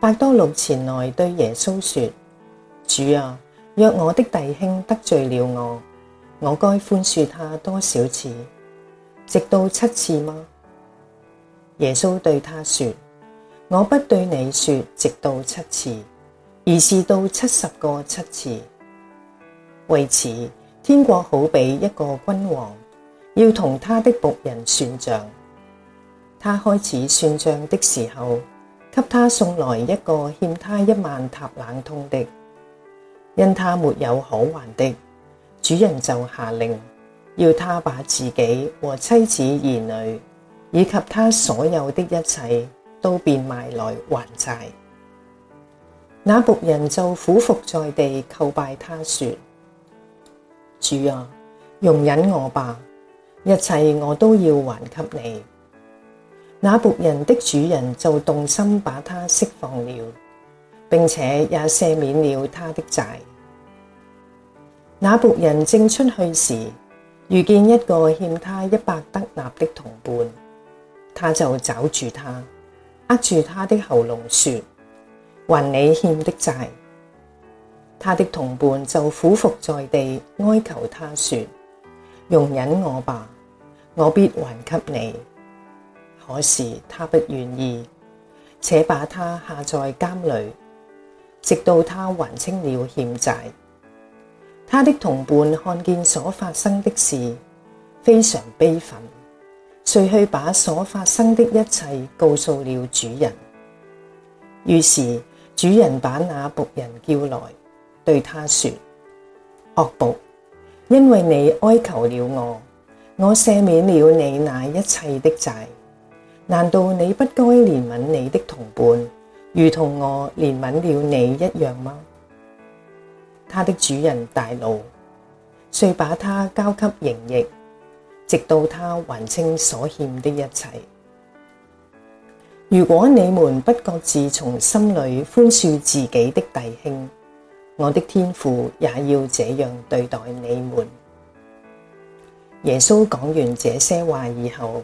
伯多祿前來對耶穌說：主啊，若我的弟兄得罪了我，我該寬恕他多少次？直到七次嗎？耶穌對他說：我不對你說直到七次，而是到七十個七次。為此，天國好比一個君王，要同他的僕人算賬。他開始算賬的時候，給他送來一個欠他一萬塔冷通的，因他沒有可還的，主人就下令，要他把自己和妻子兒女，以及他所有的一切，都變賣來還債。那僕人就俯伏在地叩拜他說：主啊，容忍我吧，一切我都要還給你。那僕人的主人就動心把他釋放了，並且也赦免了他的債。那僕人正出去時，遇見一個欠他一百德納的同伴，他就抓住他，扼住他的喉嚨說：還你欠的債！他的同伴就俯伏在地，哀求他說：容忍我吧，我必還給你。可是他不願意，且把他下在監裡，直到他還清了欠債。他的同伴看見所發生的事，非常悲憤，遂去把所發生的一切告訴了主人。於是主人把那僕人叫來，對他說：惡僕，因為你哀求了我，我赦免了你那一切的債。難道你不該憐憫你的同伴，如同我憐憫了你一樣嗎？他的主人大怒，遂把他交給刑役，直到他還清所欠的一切。如果你們不各自從心裏寬恕自己的弟兄，我的天父也要這樣對待你們。耶穌講完這些話以後，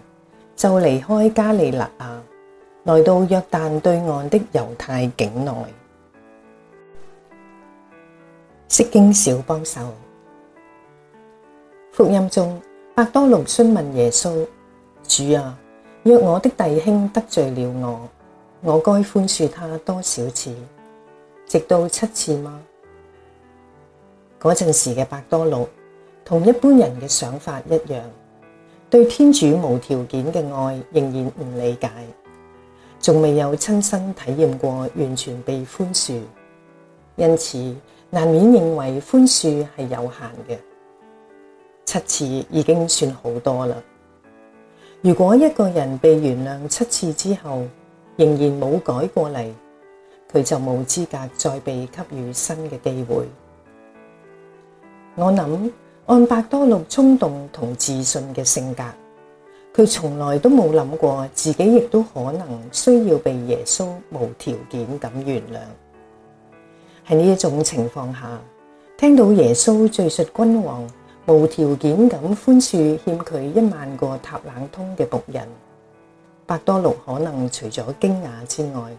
就離開加里肋亞，來到約旦對岸的猶太境內。釋經小幫手，福音中，伯多祿詢問耶穌：主啊，若我的弟兄得罪了我，我該寬恕他多少次？直到七次嗎？嗰陣時嘅伯多祿，同一般人嘅想法一樣。對天主無條件嘅愛仍然唔理解，仲未有親身體驗過完全被寬恕，因此難免認為寬恕係有限嘅。七次已經算好多啦。如果一個人被原諒七次之後，仍然冇改過嚟，佢就冇資格再被給予新嘅機會。我諗。按伯多祿衝動同自信嘅性格，佢從來都冇諗過自己亦都可能需要被耶穌無條件咁原諒。喺呢一種情況下，聽到耶穌敘述君王無條件咁寬恕欠佢一萬個塔冷通嘅僕人，伯多祿可能除咗驚訝之外，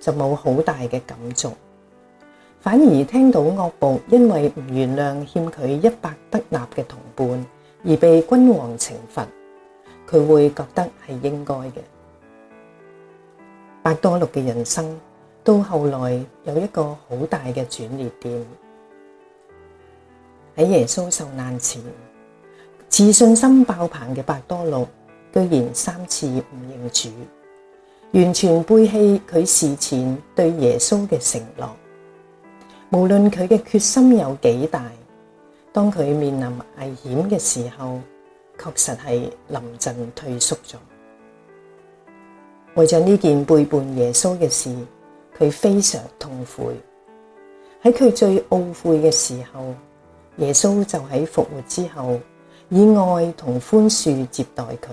就冇好大嘅感觸。反而聽到惡僕，因為唔原諒欠佢一百德納嘅同伴，而被君王懲罰，佢會覺得係應該嘅。百多禄嘅人生到後來有一個好大嘅轉捩點。喺耶穌受難前，自信心爆棚嘅百多禄，居然三次唔認主，完全背棄佢事前對耶穌嘅承諾。無論佢嘅決心有幾大，當佢面臨危險嘅時候，確實係臨陣退縮咗。為咗呢件背叛耶穌嘅事，佢非常痛悔。喺佢最懊悔嘅時候，耶穌就喺復活之後，以愛同寬恕接待佢，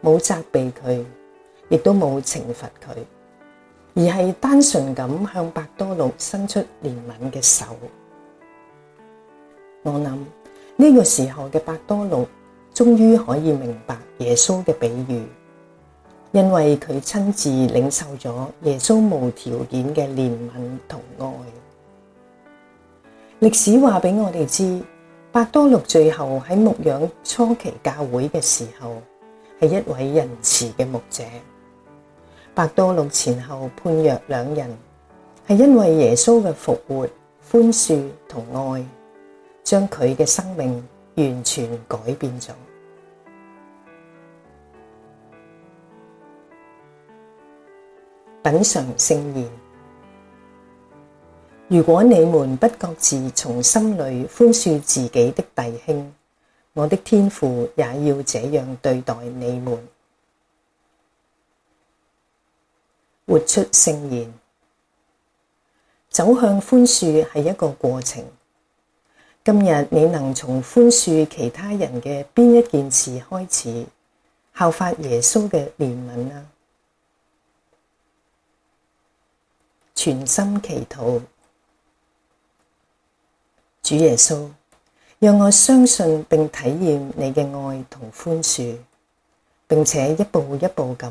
冇責備佢，亦都冇懲罰佢。而係單純咁向伯多祿伸出憐憫嘅手，我諗呢、這個時候嘅伯多祿終於可以明白耶穌嘅比喻，因為佢親自領受咗耶穌無條件嘅憐憫同愛。歷史話俾我哋知，伯多祿最後喺牧養初期教會嘅時候，係一位仁慈嘅牧者。伯多祿前後判若兩人，係因為耶穌嘅復活、寬恕同愛，將佢嘅生命完全改變咗。品嚐聖言：如果你們不各自從心裏寬恕自己的弟兄，我的天父也要這樣對待你們。活出聖言，走向寬恕係一個過程。今日你能從寬恕其他人嘅邊一件事開始，效法耶穌嘅憐憫啊！全心祈禱，主耶穌，讓我相信並體驗你嘅愛同寬恕，並且一步一步咁。